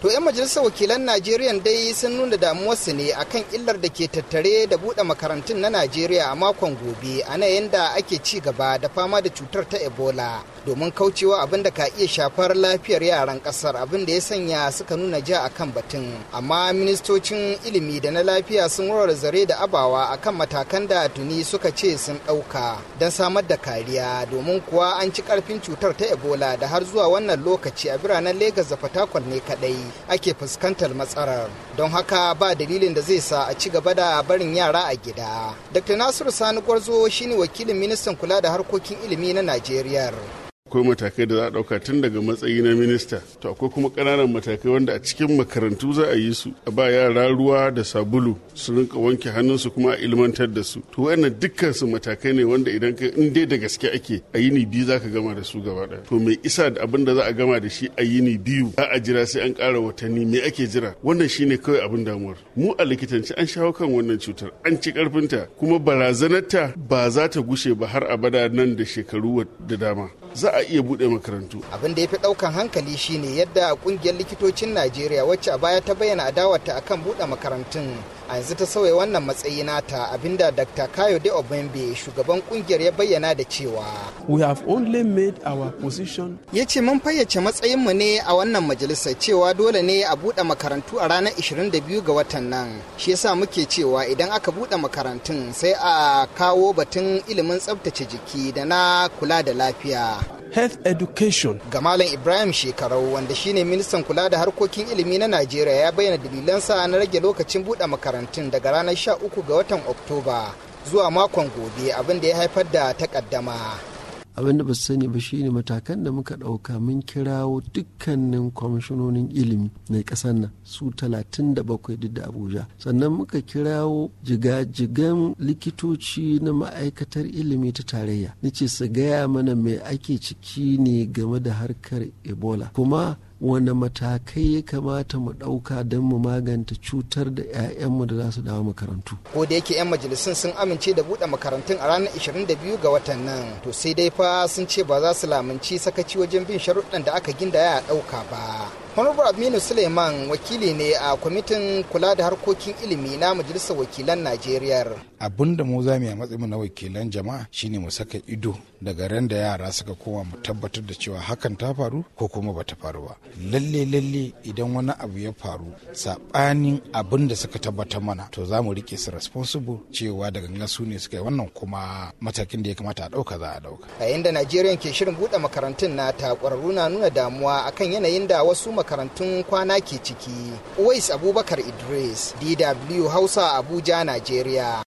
To 'yan majalisar wakilan Najeriya dai sun nuna damuwarsu ne akan illar da ke tattare da buɗe makarantun na Najeriya a makon gobe a nan yadda ake ci gaba da fama da cutar ta Ebola domin kaucewa abin da ka iya shafar lafiyar yaran ƙasar abin da ya sanya suka nuna ja kan batun. Amma ministocin ilimi da na lafiya sun warware zare da abawa akan matakan da tuni suka ce sun ɗauka don samar da kariya domin kuwa an ci ƙarfin cutar ta Ebola da har zuwa wannan lokaci a biranen Legas da Fatakwal ne kaɗai. ake fuskantar matsalar don haka ba dalilin da zai sa a ci gaba da barin yara a gida dr nasiru sani gwarzo shine wakilin ministan kula da harkokin ilimi na najeriya akwai matakai da za a ɗauka tun daga matsayi na minista to akwai kuma kananan matakai wanda a cikin makarantu za a yi su a ba yara ruwa da sabulu su rinka wanke hannunsu kuma a ilmantar da su to wannan dukkan su matakai ne wanda idan ka in dai da gaske ake a yini biyu za ka gama da su gaba ɗaya to mai isa da abin da za a gama da shi a yini biyu za a jira sai an kara watanni me ake jira wannan shine kawai abin damuwar mu a likitanci an shawo kan wannan cutar an ci karfinta kuma barazanarta ba za ta gushe ba har abada nan da shekaru da dama za a iya buɗe makarantu. Abin da ya fi ɗaukan hankali shine yadda kungiyar likitocin Najeriya wacce a baya ta bayyana adawarta akan buɗe makarantun a yanzu ta sauya wannan matsayi nata abinda dr de obembe shugaban kungiyar ya bayyana da cewa we have only made our position ya ce mun fayyace matsayinmu ne a wannan majalisar cewa dole ne a buɗe makarantu a ranar 22 ga watan nan shi yasa muke cewa idan aka buɗe makarantun sai a kawo batun ilimin tsabtace jiki da na kula da lafiya health education. Ga Malam Ibrahim Shekarau wanda shine ministan kula da harkokin ilimi na Najeriya ya bayyana dalilansa na rage lokacin buɗe makarantun daga ranar 13 ga watan Oktoba zuwa makon gobe abinda ya haifar da takaddama. abin da ba su sani ba shine matakan da muka ɗauka mun kirawo dukkanin kwamishinonin ilimi na ƙasar nan su 37 duk da abuja sannan muka kirawo jigajigan likitoci na ma'aikatar ilimi ta tarayya nace su gaya mana mai ake ciki ne game da harkar ebola kuma wane matakai ya kamata mu ɗauka don mu maganta cutar da 'ya'yanmu da za su dawo makarantu. Ko da yake 'yan majalisun sun amince da buɗe makarantun a ranar 22 ga watan nan, to sai dai fa sun ce ba za su lamunci sakaci wajen bin sharuɗan da aka ya a ɗauka ba. honorable aminu suleiman wakili ne a kwamitin kula da harkokin ilimi na majalisar wakilan najeriya abin da mu za mu yi a matsayin na wakilan jama'a shine mu saka ido daga ran da yara suka koma mu tabbatar da cewa hakan ta faru ko kuma bata faru ba lalle lalle idan wani abu ya faru sabanin abin da suka tabbatar mana to za mu rike su responsible cewa da ganga su ne suka yi wannan kuma matakin da ya kamata a dauka za a dauka a yayin da najeriya ke shirin bude makarantun na ta kwararru na nuna damuwa akan yanayin da wasu makarantun kwana ke ciki. Uwais Abubakar Idris, DW Hausa Abuja, Najeriya.